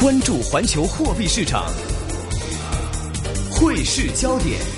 關注環球貨幣市場，匯市焦點。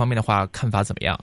方面的話，看法怎麼樣？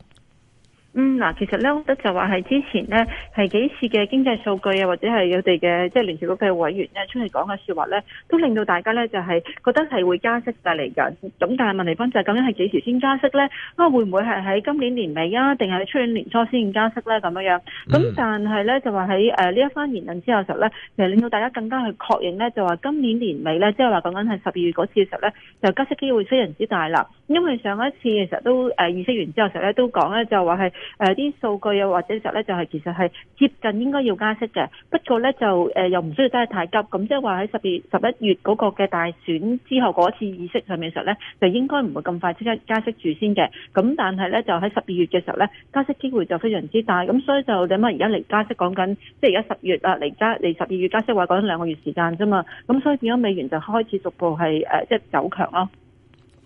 嗯嗱，其實咧，我覺得就話係之前呢，係幾次嘅經濟數據啊，或者係佢哋嘅即係聯儲局嘅委員咧出嚟講嘅説話咧，都令到大家咧就係、是、覺得係會加息帶嚟㗎。咁但係問題分就係、是、究竟係幾時先加息咧？啊，會唔會係喺今年年尾啊？定係出年年初先加息咧？咁樣樣。咁但係咧就話喺誒呢一番言論之後嘅時候咧，其實令到大家更加去確認咧，就話今年年尾咧，即係話講緊係十二月嗰次嘅時候咧，就加息機會非常之大啦。因為上一次其實都誒議息完之後嘅時候咧，都講咧就話係。誒、啊、啲數據又或者嘅時候咧，就係其實係接近應該要加息嘅，不過咧就誒、呃、又唔需要真係太急。咁即係話喺十月十一月嗰個嘅大選之後嗰次議息上面嘅時候咧，就應該唔會咁快即刻加息住先嘅。咁但係咧就喺十二月嘅時候咧，加息機會就非常之大。咁所以就你啊？而家嚟加息講緊，即係而家十月啊嚟加嚟十二月加息話講緊兩個月時間啫嘛。咁所以變咗美元就開始逐步係誒即係走強咯。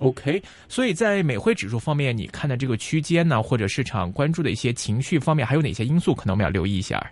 OK，所以在美匯指數方面，你看的這個區間呢，或者市場關注的一些情緒方面，還有哪些因素可能我們要留意一下？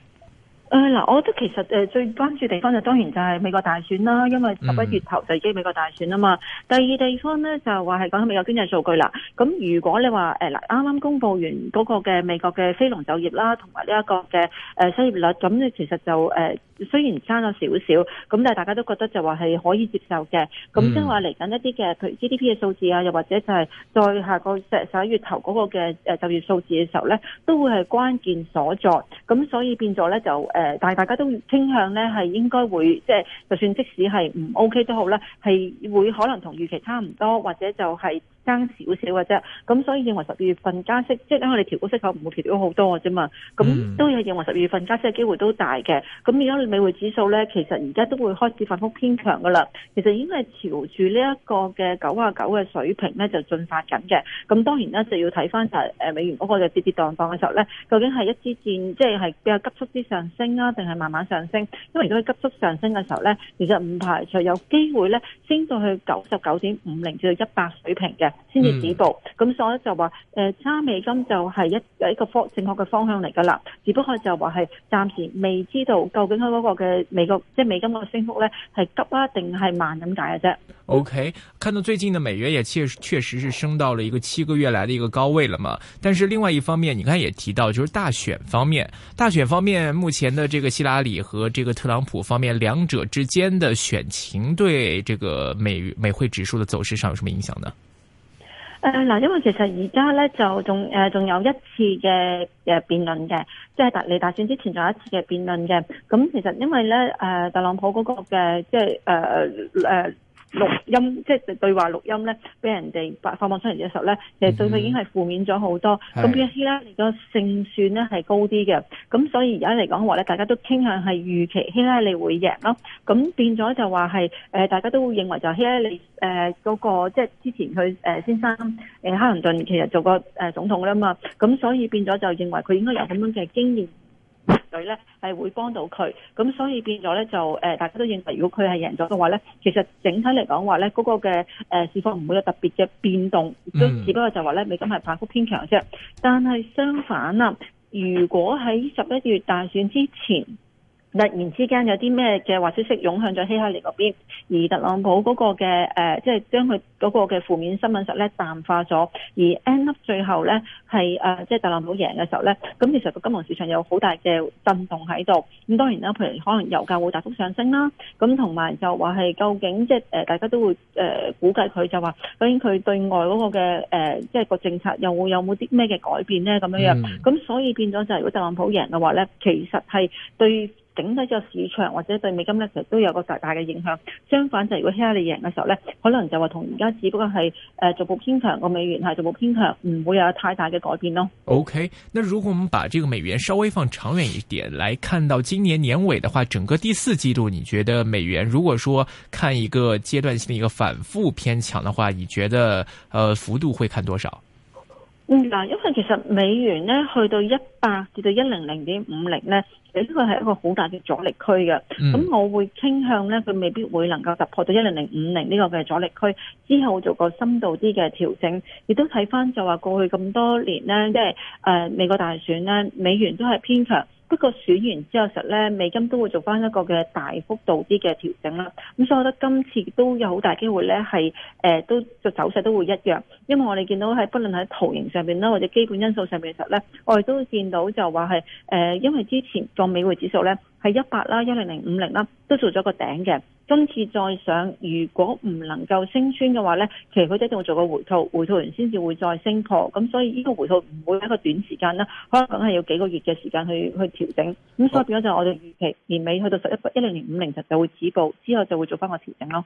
誒、嗯、嗱，我覺得其實誒最關注地方就當然就係美國大選啦，因為十一月頭就已經美國大選啊嘛、嗯。第二地方咧就話係講緊美國經濟數據啦。咁如果你話誒嗱，啱、呃、啱公布完嗰個嘅美國嘅非農就業啦，同埋呢一個嘅誒、呃、失業率，咁咧其實就誒、呃、雖然差咗少少，咁但係大家都覺得就話係可以接受嘅。咁即係話嚟緊一啲嘅譬如 GDP 嘅數字啊，又或者就係再下個十一月頭嗰個嘅誒就業數字嘅時候咧，都會係關鍵所在。咁所以變咗咧就。誒，但係大家都傾向咧，係應該會即係就算即使係唔 OK 都好啦，係會可能同預期差唔多，或者就係、是。爭少少嘅啫，咁所以認為十二月份加息，即係因為你調高息口唔會調到好多嘅啫嘛。咁都係認為十二月份加息嘅機會都大嘅。咁而家美匯指數咧，其實而家都會開始反復偏強噶啦。其實已經係朝住呢一個嘅九啊九嘅水平咧就進化緊嘅。咁當然呢，就要睇翻就係誒美元嗰個嘅跌跌蕩蕩嘅時候咧，究竟係一支箭即係係比較急速啲上升啊，定係慢慢上升？因為如果急速上升嘅時候咧，其實唔排除有機會咧升到去九十九點五零至到一百水平嘅。先、嗯、至止步，咁所以就話誒差美金就係一一個方正確嘅方向嚟噶啦，只不過就話係暫時未知道究竟佢嗰個嘅美國即係、就是、美金個升幅呢係急啊定係慢咁解嘅啫。OK，看到最近嘅美元也確實確實是升到了一個七個月來嘅一個高位啦嘛，但是另外一方面，你剛才也提到就是大選方面，大選方面目前的這個希拉里和這個特朗普方面兩者之間的選情對這個美美匯指數嘅走勢上有什麼影響呢？誒、呃、嗱，因為其實而家咧就仲誒仲有一次嘅誒辯論嘅，即係大嚟大選之前仲有一次嘅辯論嘅。咁其實因為咧誒、呃、特朗普嗰個嘅即係誒誒。就是錄音即係對話錄音咧，俾人哋發放出嚟嘅時候咧，其實對佢已經係負面咗好多。咁、嗯、希拉里嘅勝算咧係高啲嘅，咁所以而家嚟講話咧，大家都傾向係預期希拉里會贏咯。咁變咗就話係誒，大家都會認為就是希拉里誒嗰個即係、就是、之前佢誒先生誒，克、呃、林頓其實做過誒、呃、總統㗎啦嘛，咁所以變咗就認為佢應該有咁樣嘅經驗。佢咧係會幫到佢，咁所以變咗咧就誒、呃，大家都認為如果佢係贏咗嘅話咧，其實整體嚟講話咧，嗰、那個嘅誒、呃、市況唔會有特別嘅變動，都只不過就話咧美金係反覆偏強啫。但係相反啦，如果喺十一月大選之前，突然之間有啲咩嘅話消息湧向咗希拉里嗰邊，而特朗普嗰個嘅即係將佢嗰個嘅負面新聞實咧淡化咗，而 end up 最後咧係即係特朗普贏嘅時候咧，咁其實個金融市場有好大嘅震動喺度。咁當然啦，譬如可能油價會大幅上升啦，咁同埋就話係究竟即係、呃、大家都會誒、呃、估計佢就話，究竟佢對外嗰個嘅誒即係個政策又會有冇啲咩嘅改變咧咁樣樣。咁、嗯、所以變咗就係、是、如果特朗普贏嘅話咧，其實係對。整體只個市場，或者對美金呢，其實都有個大大嘅影響。相反就如果希拉里贏嘅時候呢，可能就話同而家只不過係誒、呃、逐步偏強個美元係逐步偏強，唔會有太大嘅改變咯。OK，那如果我們把這個美元稍微放長遠一點來看到今年年尾的話，整個第四季度，你覺得美元如果說看一個階段性嘅一個反復偏強嘅話，你覺得誒、呃、幅度會看多少？嗯嗱，因為其實美元咧去到一百至到一零零點五零咧，呢個係一個好大嘅阻力區嘅。咁、嗯、我會傾向咧，佢未必會能夠突破到一零零五零呢個嘅阻力區，之後做個深度啲嘅調整。亦都睇翻就話過去咁多年咧，即、就、係、是呃、美國大選咧，美元都係偏強。不過選完之後，實咧美金都會做返一個嘅大幅度啲嘅調整啦。咁所以我覺得今次都有好大機會咧，係、呃、誒都就走勢都會一樣，因為我哋見到喺不論喺圖形上邊啦，或者基本因素上邊嘅時候咧，我哋都見到就話係誒，因為之前個美匯指數咧。係一百啦，一零零五零啦，都做咗個頂嘅。今次再上，如果唔能夠升穿嘅話呢，其實佢一定會做個回吐。回吐完先至會再升破。咁所以呢個回吐唔會一個短時間啦，可能梗係要幾個月嘅時間去去調整。咁所以變咗就我哋預期年尾去到十一一零零五零就就會止步，之後就會做翻個調整咯。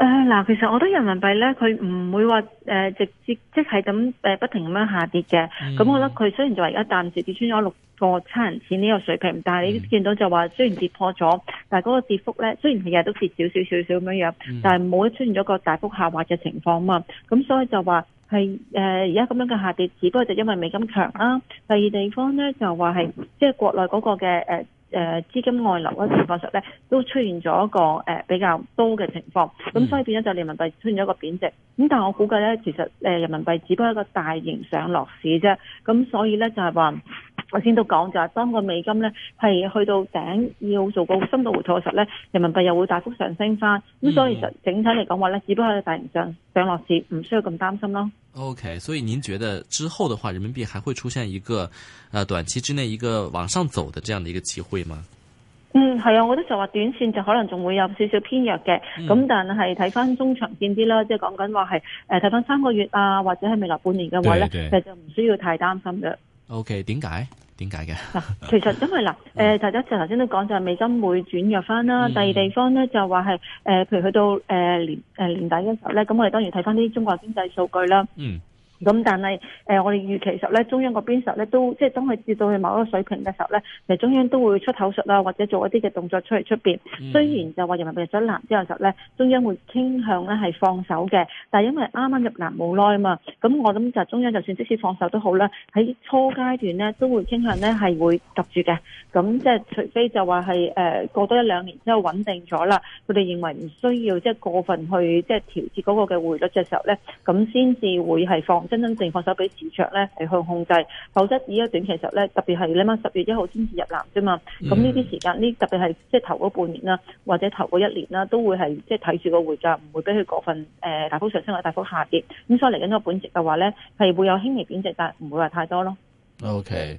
誒、呃、嗱，其實我覺得人民幣咧，佢唔會話誒、呃、直接即係咁誒不停咁樣下跌嘅。咁、mm -hmm. 我覺得佢雖然就話而家暫時跌穿咗六個七人錢呢個水平，mm -hmm. 但係你見到就話雖然跌破咗，但係嗰個跌幅咧，雖然係日，日都跌少少少少咁樣樣，mm -hmm. 但係冇出現咗個大幅下滑嘅情況嘛。咁所以就話係誒而家咁樣嘅下跌，只不過就是因為美金強啦、啊。第二地方咧就話係即係國內嗰個嘅誒。呃誒資金外流嘅情況上，咧，都出現咗一個誒比較多嘅情況，咁所以變咗就係人民幣出現咗一個貶值。咁但我估計咧，其實誒人民幣只不過係一個大型上落市啫，咁所以咧就係話。我先都講咗，係當個美金咧係去到頂要做個深度回吐嘅時候咧，人民幣又會大幅上升翻。咁、嗯、所以就整體嚟講話咧，只不過係大形上上落市，唔需要咁擔心咯。OK，所以您覺得之後嘅話，人民幣還會出現一個，呃短期之內一個往上走的這樣的一個機會嗎？嗯，係啊，我覺得就話短線就可能仲會有少少偏弱嘅，咁、嗯、但係睇翻中長線啲啦，即係講緊話係，誒睇翻三個月啊，或者係未來半年嘅話咧，其實就唔需要太擔心嘅。O.K. 點解？點解嘅嗱， 其實因為嗱，呃、大家就頭先都講就係美金會轉弱翻啦。第二地方咧就話係，呃、譬如去到，呃、年年底嘅時候咧，咁我哋當然睇翻啲中國經濟數據啦。嗯。咁但係誒、呃，我哋預期實咧，中央嗰邊時候咧都即係當佢跌到去某一個水平嘅時候咧，其實中央都會出口術啦，或者做一啲嘅動作出嚟出面、嗯、雖然就話人民幣入咗籃之後實咧，中央會傾向咧係放手嘅，但係因為啱啱入籃冇耐啊嘛，咁我諗就中央就算即使放手都好啦，喺初階段咧都會傾向咧係會及住嘅。咁即係除非就話係誒過多一兩年之後穩定咗啦，佢哋認為唔需要即係過分去即係調節嗰個嘅匯率嘅時候咧，咁先至會係放。真真正放手俾市場咧係去控制，否則依一段期嚟講咧，特別係你諗十月一號先至入籃啫嘛，咁呢啲時間呢特別係即係頭嗰半年啦，或者頭嗰一年啦，都會係即係睇住個匯價，唔會俾佢過分誒、呃、大幅上升或大幅下跌。咁所以嚟緊嗰個本值嘅話咧，係會有輕微貶值，但唔會話太多咯。OK。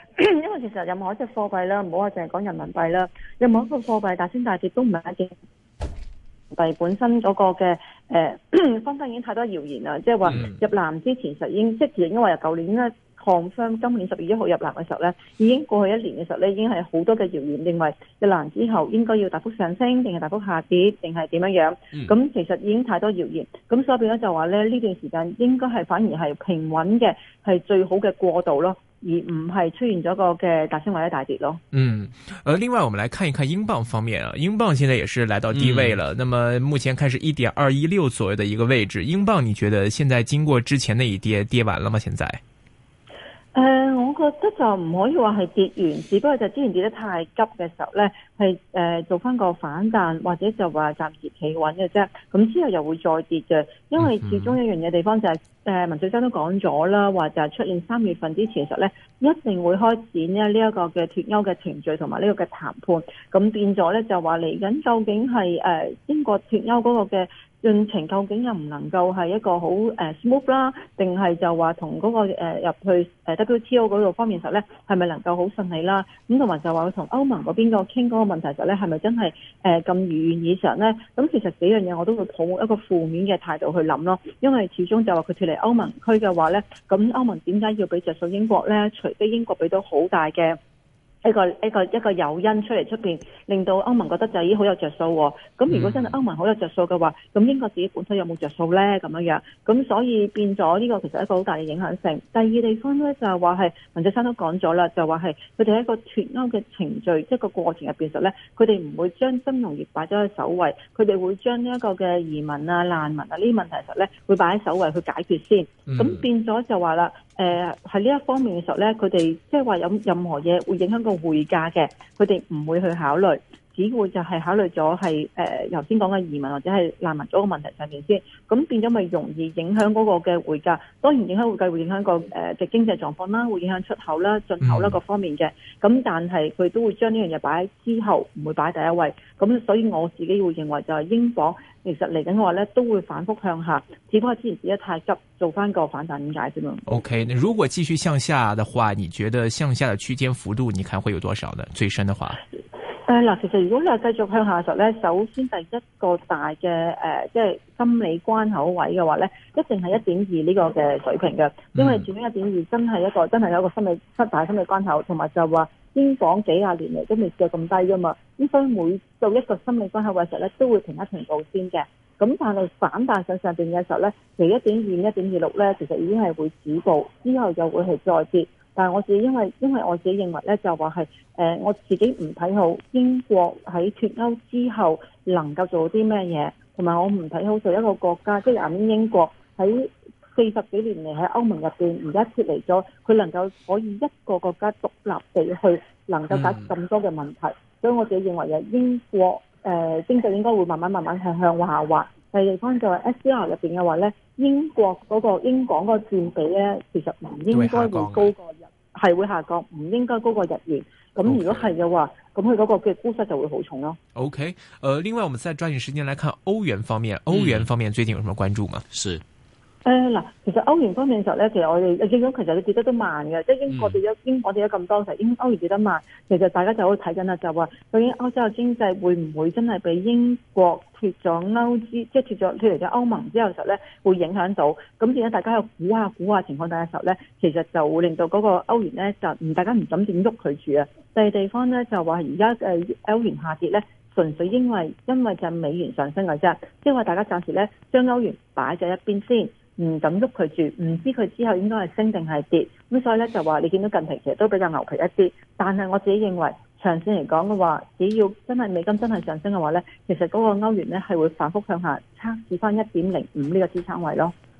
因為其實任何一隻貨幣啦，唔好話淨係講人民幣啦，任何一個貨幣大升大跌都唔係一隻幣 本身嗰個嘅。誒、呃，剛剛 已經太多謠言啦，即係話、嗯、入籃之前實已經即係因為話舊年咧抗箱，今年十月一號入籃嘅時候咧，已經過去一年嘅時候咧，已經係好多嘅謠言，認為入籃之後應該要大幅上升，定係大幅下跌，定係點樣樣。咁、嗯嗯、其實已經太多謠言。咁所以變咗就話咧，呢段時間應該係反而係平穩嘅，係最好嘅過渡咯。而唔係出現咗個嘅大升或者大跌咯。嗯，而、呃、另外我們來看一一看英鎊方面啊，英鎊現在也是來到低位了。嗯、那麼目前開始一點二一六左右的一個位置，英鎊你覺得現在經過之前那一跌跌完了嗎？現在？誒、呃，我覺得就唔可以話係跌完，只不過就之前跌得太急嘅時候呢，係誒、呃、做翻個反彈，或者就話暫時企穩嘅啫。咁之後又會再跌嘅，因為始終一樣嘢地方就係、是、誒、呃、文先生都講咗啦，話就係出現三月份之前實呢，一定會開展呢一、這個嘅脱歐嘅程序同埋呢個嘅談判，咁變咗呢，就話嚟緊究竟係誒、呃、英國脱歐嗰個嘅。運程究竟又唔能夠係一個好誒 smooth 啦，定係就話同嗰個入去誒 WTO 嗰度方面實咧，係咪能夠好順利啦？咁同埋就話佢同歐盟嗰邊個傾嗰個問題實咧，係咪真係誒咁如願以償咧？咁其實幾樣嘢我都會抱一個負面嘅態度去諗咯，因為始終就話佢脱離歐盟區嘅話咧，咁歐盟點解要俾着數英國咧？除非英國俾到好大嘅。一個一個一個誘因出嚟出邊令到歐盟覺得就已經好有着數喎。咁如果真係歐盟好有着數嘅話，咁英國自己本身有冇着數咧？咁樣樣，咁所以變咗呢個其實一個好大嘅影響性。第二地方咧就係話係，文振山都講咗啦，就話係佢哋一個脱歐嘅程序，即係個過程入邊實咧，佢哋唔會將金融業擺咗喺首位，佢哋會將呢一個嘅移民啊、難民啊呢啲問題實咧，會擺喺首位去解決先。咁變咗就話啦。誒、呃，喺呢一方面嘅時候咧，佢哋即係話有任何嘢會影響個匯價嘅，佢哋唔會去考慮。只會就係考慮咗係誒，頭先講嘅移民或者係難民咗個問題上面先，咁變咗咪容易影響嗰個嘅匯價。當然影響匯價會影響嗰個誒嘅、呃、經濟狀況啦，會影響出口啦、進口啦、嗯、各方面嘅。咁但係佢都會將呢樣嘢擺喺之後，唔會擺第一位。咁所以我自己會認為就係英鎊，其實嚟緊嘅話咧都會反復向下，只不過之前自己太急，做翻個反彈點解啫嘛。O、okay, K，如果繼續向下嘅話，你覺得向下嘅區間幅度，你看會有多少呢？最深嘅話？誒嗱，其實如果你係繼續向下述咧，首先第一個大嘅誒、呃，即係心理關口位嘅話咧，一定係一點二呢個嘅水平嘅，因為至於一點二真係一個真係有一個心理大心理關口，同埋就話先講幾廿年嚟都未試過咁低噶嘛，咁所以每到一個心理關口位嘅時候咧，都會停一停步先嘅。咁但係反彈上上邊嘅時候咧，其一點二、一點二六咧，其實已經係會止步，之後就會係再跌。但係我自己因為因為我自己認為咧就話係誒，我自己唔睇好英國喺脫歐之後能夠做啲咩嘢，同埋我唔睇好就一個國家，即係亞洲英國喺四十幾年嚟喺歐盟入邊而家脫離咗，佢能夠可以一個國家獨立地去能夠解決咁多嘅問題，嗯，所以我自己認為啊英國誒經濟應該會慢慢慢慢向下滑。第二方就係 SCR 入邊嘅話咧，英國嗰個英港嗰個佔比咧其實唔應該會高過。係會下降，唔應該高過日元。咁如果係嘅話，咁佢嗰個嘅估值就會好重咯、啊。OK、okay，呃，另外我們再抓緊時間來看歐元方面，嗯、歐元方面最近有什麼關注嗎？是。誒、嗯、嗱，其實歐元方面嘅時候咧，其實我哋誒，應該其實佢跌得都慢嘅，即係英國跌咗，英國跌咗咁多，其實英歐元跌得慢。其實大家就好睇緊啊，就話究竟歐洲嘅經濟會唔會真係俾英國脫咗歐資，即係脫咗脫離咗歐盟之後嘅時候咧，會影響到。咁而家大家又估下估下情況底下嘅時候咧，其實就會令到嗰個歐元咧就唔大家唔敢點喐佢住啊。第二地方咧就話而家嘅歐元下跌咧，純粹因為因為就美元上升嘅啫，即係話大家暫時咧將歐元擺咗一邊先。唔敢喐佢住，唔知佢之後應該係升定係跌，咁所以咧就話你見到近期其實都比較牛皮一啲，但係我自己認為長線嚟講嘅話，只要真係美金真係上升嘅話咧，其實嗰個歐元咧係會反覆向下測試翻一點零五呢個支撐位咯。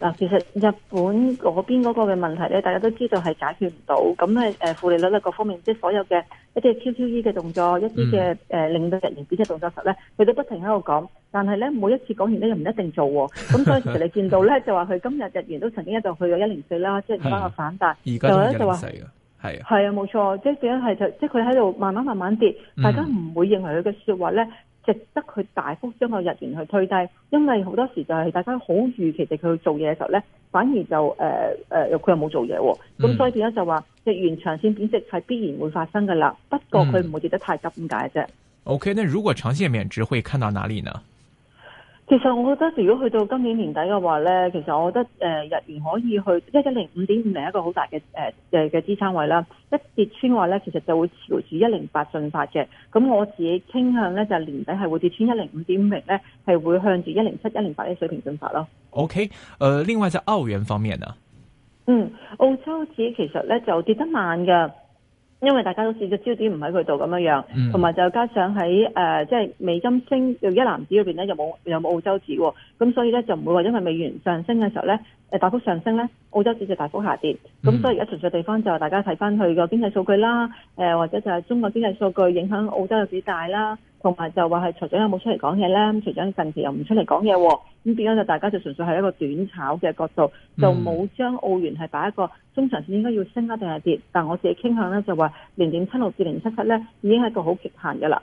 嗱，其實日本嗰邊嗰個嘅問題咧，大家都知道係解決唔到，咁咧誒，負利率咧各方面，即係所有嘅一啲 QQE 嘅動作，一啲嘅誒令到日元跌嘅動作實咧，佢、嗯、都不停喺度講，但係咧每一次講完呢，又唔一定做，咁所以其實你見到咧 就話佢今日日元都曾經一度去咗一零四啦，即係翻個反彈、啊，就咧就話係啊，係啊，冇、啊、錯，即係一係就即係佢喺度慢慢慢慢跌，嗯、大家唔會認為佢嘅説話咧。值得佢大幅將個日元去推低，因為好多時就係大家好預期，哋佢去做嘢嘅時候咧，反而就誒誒，佢、呃呃、又冇做嘢、哦，咁、嗯、所以變咗就話日元長線貶值係必然會發生噶啦。不過佢唔會跌得太急，咁解啫？OK，那如果長線貶值會看到哪裏呢？其實我覺得如果去到今年年底嘅話呢，其實我覺得誒日元可以去一一零五點五零一個好大嘅誒嘅支撐位啦。一跌穿嘅話呢，其實就會朝住一零八進發嘅。咁我自己傾向呢，就年底係會跌穿一零五點五零呢，係會向住一零七、一零八嘅水平進發咯。OK，誒、呃，另外就澳元方面啊，嗯，澳洲自己其實呢就跌得慢噶。因為大家都知個焦點唔喺佢度，咁樣同埋就加上喺誒即係美金升，又一籃子裏面咧又冇又冇澳洲紙喎、哦，咁所以咧就唔會話因為美元上升嘅時候咧。大幅上升咧，澳洲隻就大幅下跌，咁、嗯、所以而家純粹地方就係大家睇翻佢個經濟數據啦、呃。或者就係中國經濟數據影響澳洲有市大啦，同埋就話係財長有冇出嚟講嘢咧？財長近期又唔出嚟講嘢喎，咁變咗就大家就純粹係一個短炒嘅角度，就冇將澳元係擺一個中長線應該要升一定係跌。但我自己傾向咧就話零點七六至零七七咧已經係一個好極限嘅啦。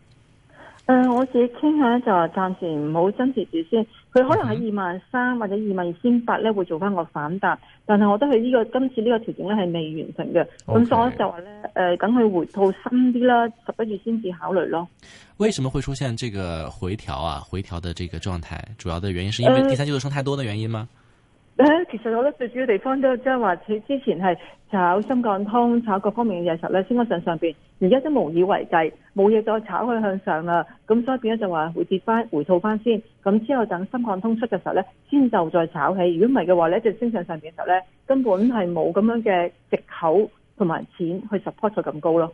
誒、呃，我自己傾向咧，就話暫時唔好增持住先。佢可能喺二萬三或者二萬二千八咧，會做翻個反彈。但係我覺得佢、這、呢個今次呢個調整咧係未完成嘅。咁所以就話咧，誒，等佢回吐深啲啦，十一月先至考慮咯。為什麼會出現這個回調啊？回調的這個狀態，主要的原因是因為第三季度升太多的原因嗎？呃其實我覺得最主要地方都即係話，佢之前係炒深港通、炒各方面嘅嘢時候咧，升向上上邊，而家都無以為繼，冇嘢再炒去向上啦。咁所以變咗就話會跌翻，回吐翻先。咁之後等深港通出嘅時候咧，先就再炒起。如果唔係嘅話咧，就升上上邊嘅時候咧，根本係冇咁樣嘅藉口同埋錢去 support 佢咁高咯。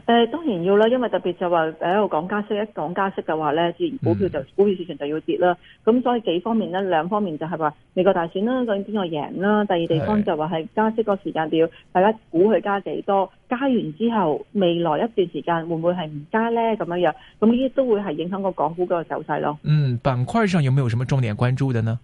誒、呃，當然要啦，因為特別就話一個講加息，一講加息嘅話咧，自然股票就、嗯、股票市場就要跌啦。咁所以幾方面咧，兩方面就係話美國大選啦，究竟邊個贏啦？第二地方就話係加息個時間表，哎、大家估佢加幾多？加完之後，未來一段時間會唔會係唔加咧？咁樣樣，咁呢啲都會係影響個港股嗰個走勢咯。嗯，板塊上有冇有什麼重點關注嘅呢？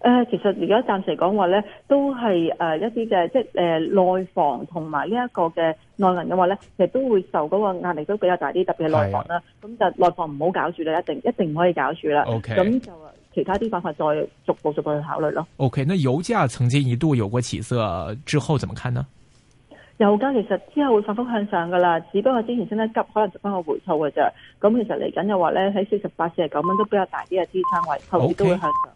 誒、呃，其實而家暫時講話咧，都係誒一啲嘅，即係誒、呃、內房同埋呢一個嘅內銀嘅話咧，其實都會受嗰個壓力都比較大啲，特別係內房啦。咁就、啊、內房唔好搞住咧，一定一定唔可以搞住啦。咁、okay. 就其他啲辦法再逐步逐步去考慮咯。O、okay. K，那油價曾經一度有過起色之後，怎麼看呢？油價其實之後會反覆向上噶啦，只不過之前升得急，可能做翻個回吐嘅啫。咁其實嚟緊又話咧，喺四十八、四十九蚊都比較大啲嘅支撐位，後續都會向上。Okay.